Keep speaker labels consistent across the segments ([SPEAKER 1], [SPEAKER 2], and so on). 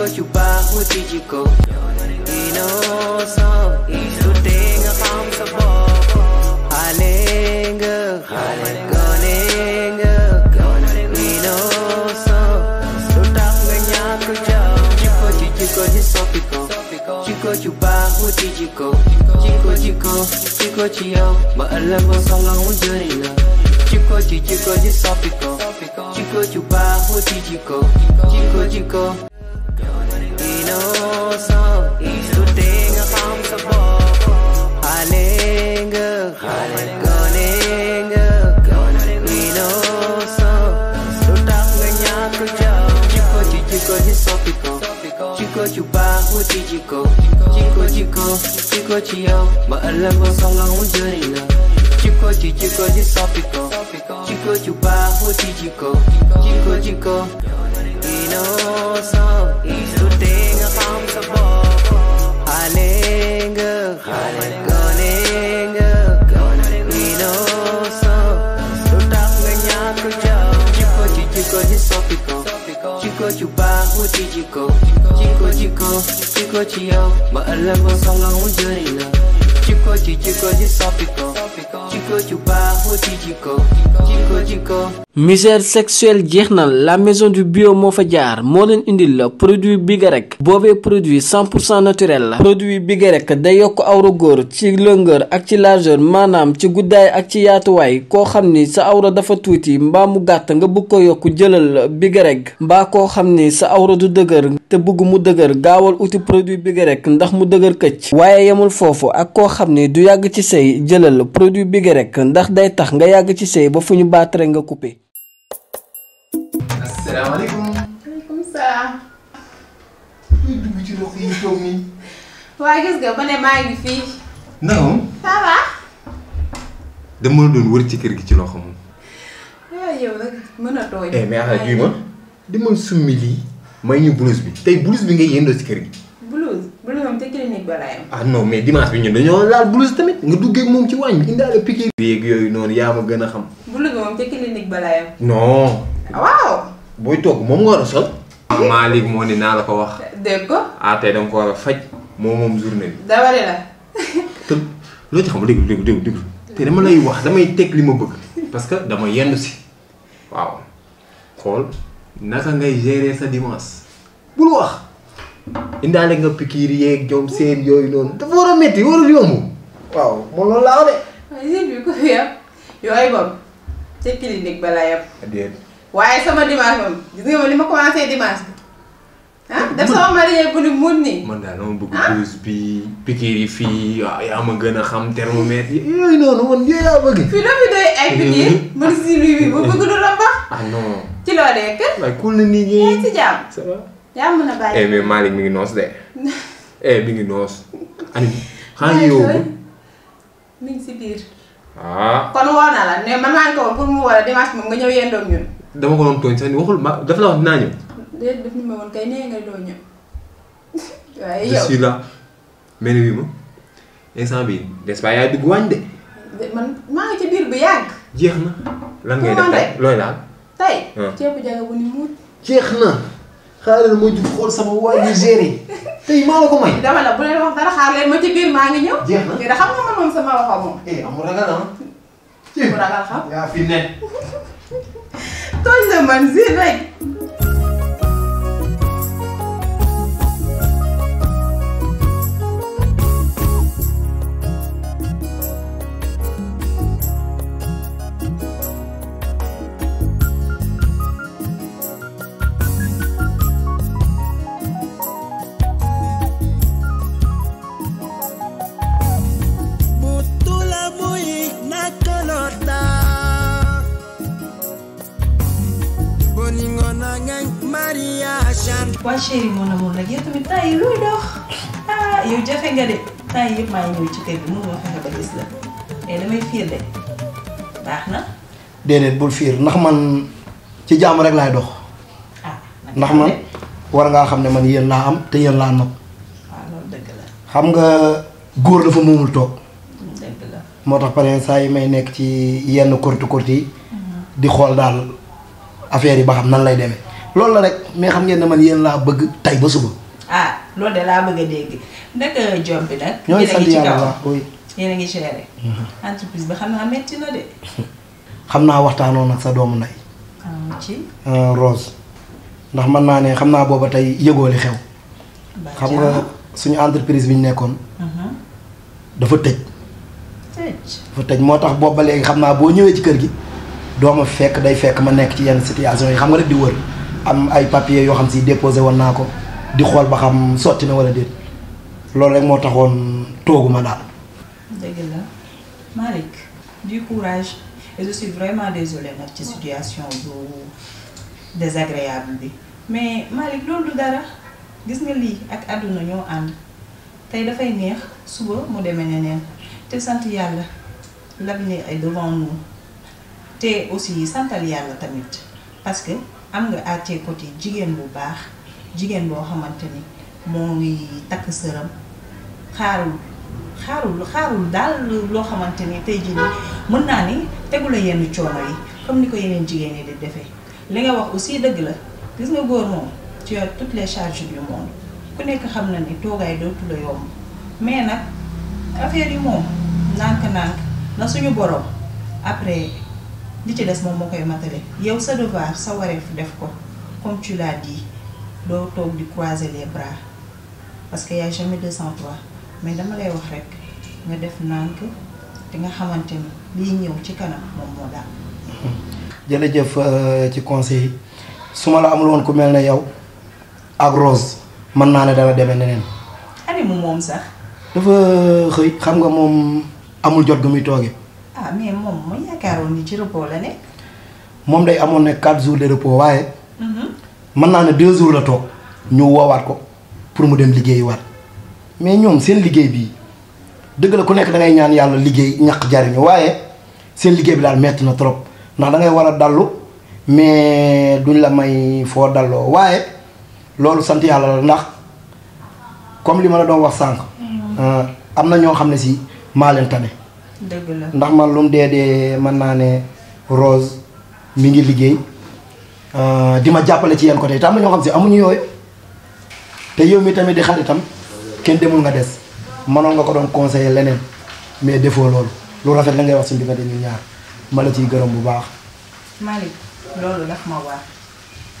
[SPEAKER 1] close you back, where did you go? Inosom, duting akam sa bok Haling, haling, galing Inosom, tutak ganya ko jaw Chico, chico, hisopi ko Chico, chupa, where did you go? Chico, chico, chico, chiyaw Maalam mo sa lang mo dyan ina Chico, chico, hisopi ko Chico, chupa, where did you go? Chico, chico chico chupa hua chi chico chico chico chico chio mà anh làm con sao lòng muốn chơi nè chico chi chico chi sopico chico chupa hua chi chico chico chico ino so isu tenga pham sabo halenga halenga chico chupa hua chi chico chico chico chico chio mà anh làm sao lâu muốn chơi nè chico chi chico chi sopico chico chupa
[SPEAKER 2] misère sexuelle jeex na la maison du bio moo fa jaar moo leen indil la produit bigarek boobee produit 100 cent naturel la produit bigarek day yokk awra góor ci longueur ak ci largeur maanaam ci guddaay ak ci yaatuwaay koo xam ni sa awra dafa tuuti mbaa mu gàtt nga bëgg ko yokk jëlal bigarek mbaa koo xam ni sa awra du dëgër te bëgg mu dëgër gaawal uti produit bigarek ndax mu dëgër këcc waaye yemul foofu ak koo xam ni du yàgg ci say jëlal produit bigarek ndax day tax nga yàgg ci sëy ba fu ñu baat rek nga coupé.
[SPEAKER 3] asalaamaaleykum. maaleykum salaam. kuy dugg ci ndox yi toog nii. waa gis nga ba ne maa ngi fii. naam. ça va. dama la doon wër ci kër gi ci loxo moom.
[SPEAKER 4] waaw yow nag mën a tooy. mais xanaa juy
[SPEAKER 3] ma. demal summi lii may ñu blouse bi tey blouse bi ngay yëndoo ci kër gi. ah non mais dimanche bi ñun dañoo laal blouse tamit nga duggee moom ci waañ bi indaale piqué. yeeg yooyu noonu yaa ma gën a xam.
[SPEAKER 4] blouse moom ca clinique balaay am. waaw.
[SPEAKER 3] booy togg moom nga war a sol. Ah, Malick moo ni naa la ko wax. dégg ko. ah dama ko war a faj. moom moom journée bi. dawale lay wax damay teg li ma bëgg. parce que dama yendu si. waaw xool naka ngay gérer sa dimanche bul wax. indah lagi ngepikir ya jom sen yo ino itu orang meti wow
[SPEAKER 4] mau lo lawan deh ini juga ya yo ayo bang cek klinik balaya ada wah sama di mana jadi mau lima koma sih di mas Ah, dapat sama mari ya kulit murni.
[SPEAKER 3] Mana nong buku kulit bi, fi, ya mengena ham termomet. Ya ino nong dia ya bagi. Film itu ya ekpin, mesti lebih buku kulit apa? Ah no. Cilok ada ya kan? Baik kulit Ya itu jam.
[SPEAKER 4] yaa mën a bàyyi eh,
[SPEAKER 3] mais Malick mi ngi noos de. Eh, mi ngi noos. Aliou xaaral yow.
[SPEAKER 4] mi ngi si biir. ah kon woo la ne man maa ngi pour mu wala dimanche moom nga ñëw yendoom ñun.
[SPEAKER 3] dama ko doon tooñ sax ni waxul ma dafa la wax dinaa ñëw.
[SPEAKER 4] déedéet daf ñu ma kay nee nga doo ñëw. waaye yow je suis
[SPEAKER 3] wi ma instant bii n'est-ce yaay dugg waañ de.
[SPEAKER 4] man maa ngi ci biir bu yàgg.
[SPEAKER 3] jeex na lan ngay def tey looy laal.
[SPEAKER 4] tey. Ah. ceebu jaga bu ni muut.
[SPEAKER 3] jeex na. xaaral ma jug xool sama waa ji géré tey maa la ko may. dama la bu leen wax dara xaar leen ma ci biir maa ngi ñëw. jeex na te da xam nga man moom sama waxoo moom. eh amul ragal ah. ci ragal xam yaa fi ne.
[SPEAKER 4] tooñ na man si rek. chérie, mon amour, gitu, la guette, mais taille, oui, d'or. Ah, il y a déjà fait garder. Taille, ma mère, tu t'es venu, on va faire la balise là. Elle est fière d'elle. Bah, non?
[SPEAKER 2] D'elle est pour fière. Nahman, tu es déjà en Ah, nah, nah, gitu War nga xamne man yeen la am te yeen ah, la nopp xam nga goor dafa momul tok hmm, motax parent say may nek ci yenn courte courte mhm. di xol dal affaire yi ba xam nan lay deme loolu la rek mais xam ngeen ne man yéen laa bëgg tey ba suba.
[SPEAKER 4] ah loolu de laa bëgg a dégg naka jom euh, bi nag. ñooy sant yàlla waaw a ngi géré. Mhm. entreprise bi xam naa métti na de.
[SPEAKER 2] xam naa waxtaanoon nag sa doomu ndey. Ah, ci. Euh, Rose ndax mën naa ne xam naa booba tey yëgoo li xew. xam nga suñu entreprise bi ñu nekkoon. Mhm. dafa tëj. dafa tëj moo tax boobu ba léegi xam naa boo ñëwee ci kër gi. dooma fekk day fekk ma nekk ci yenn situation yi xam nga rek di wër. am ay papiers xam si déposé woon ko di xol ba xam soti na wala déet loolu rek moo taxoon tooguma dal
[SPEAKER 4] deug la malik du courage et je suis vraiment désolée pour ci situation bu désagréable bi mais Malik, loolu du dara gis nga li ak aduna ñoo tay da fay neex suba mu demee neneen te sant yalla, l'avenir est devant nous te aussi santal yalla, tamit. parce que am nga à tes jigéen bu baax jigéen boo xamante ni moo ngi takk sëram xaarul xaarul xaarul daal loo xamante ni tey jii nii mën naa ni tegu la yenn coono yi comme ni ko yeneen jigéen yi di defee. li nga wax aussi dëgg la gis nga góor moom ci tout les charges du monde ku nekk xam na ni toogaay dootu la yomb mais nag affaire yi moom nànk-nànk na suñu borom après. li ci des moom moo koy matale yow sa devoir sa wareef def ko comme tu l'as dit toog di croiser les bras parce que y a jamais deux sans trois mais dama lay wax rek nga def nànk te nga xamante ni liy ñëw ci kanam moom moo daal.
[SPEAKER 2] jërëjëf euh, ci conseil yi su ma la amul woon ku mel ne yow ak Rose mën naa ne dana demee neneen.
[SPEAKER 4] animu moom sax.
[SPEAKER 2] dafa xëy xam nga moom amul jot gu muy toogee.
[SPEAKER 4] ah mais moom yaakaaroon ni ci repos la nekk.
[SPEAKER 2] moom day amoon ne quatre jours de repos waaye. Mhm. mën naa ne deux jours la toog ñu woowaat ko pour mu dem liggéeyiwaat mais ñoom seen liggéey bi dëgg la ku nekk da ngay ñaan yàlla liggéey ñaq jariñu waaye seen liggéey bi daal metti na trop ndax dangay war a dallu mais duñ la may foo dalloo waaye loolu sant yàlla la ndax comme li ma la doon wax sànq. Mm. Ah, am na ñoo xam ne si maa leen tane.
[SPEAKER 4] dëgg la ndax
[SPEAKER 2] man lu mu dee dee mën naa ne Rose mu ngi liggéey euh, di ma jàppale ci yenn côté te am na ñoo xam si amuñu yooyu te yow mi tamit di xaritam kenn demul nga des mënoon nga ko doon conseiller leneen mais defoo loolu lu rafet la ngay wax si mbir dañuy ñaar ma la ciy gërëm bu baax.
[SPEAKER 4] Malick loolu daf ma waar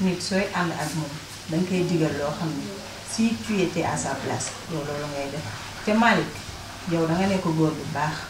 [SPEAKER 4] nit sooy ànd ak moom dañ koy digal loo xam ne si tu étais à place loolu la ngay def te Malick yow da nga nekk góor bu baax.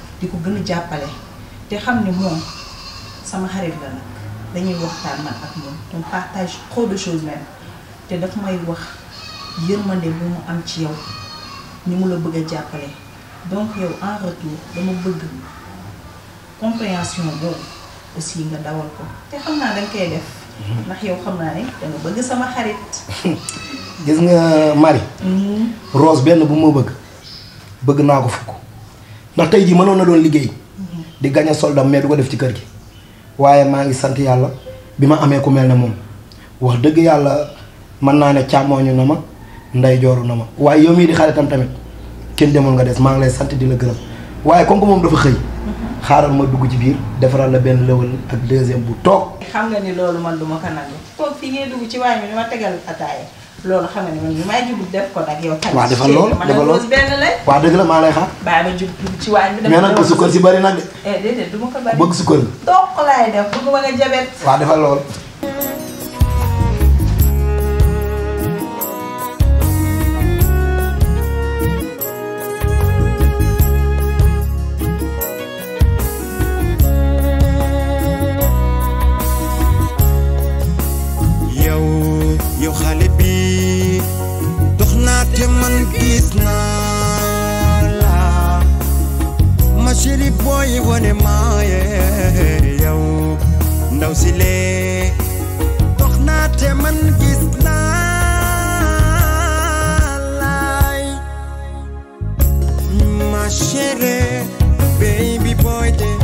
[SPEAKER 4] di ko gën a jàppale te xam ne moom sama xarit la nag dañuy waxtaan man ak moom on partage trop de choses même te dafa may wax yërmande bu mu am ci yow ñu mu la bëgg a jàppale donc yow en retour dama bëgg compréhension boobu aussi nga dawal ko te xam naa danga koy def mhm. ndax yow xam naa ne danga bëgg sama xarit
[SPEAKER 2] gis nga mari mhm. Rose benn bu ma bëgg bëgg naa ko fukk ndax tey jii manoon na doon liggéey di gañe soldam mais du ko def ci kër gi waaye maa ngi sant yàlla bi ma amee ku mel na moom wax dëgg yàlla mën naa ne càmmooñu na ma nday na ma waaye yow mii di xaritam tamit kenn demul nga des maa ngi lay sant di la gërëm waaye comme moom dafa xëy xaaral ma dugg ci biir defaral la benn lëwal ak deuxième bu toog
[SPEAKER 4] xam nga ni loolu man du ma ko nangu toog fii ngay dugg ci waañ bi ni ma tegal ataaya loolu xam nga ne man bi maa jublu def ko nag yow. tamit waaw defal loolu defal loolu benn lay. waaw dëgg la maa lay xaar. baa ma jub ci waañ bi. mais nag ko sukkar si bari nag de. Eh, déedéet du ma ko bari. bëgg sukkar bi. toq laay def bëgg ma nga jabet.
[SPEAKER 2] waaw defal loolu.
[SPEAKER 1] mashiripoivone maye
[SPEAKER 2] yow ndaw si lee dox naa te man gis
[SPEAKER 1] naa laay baby boy de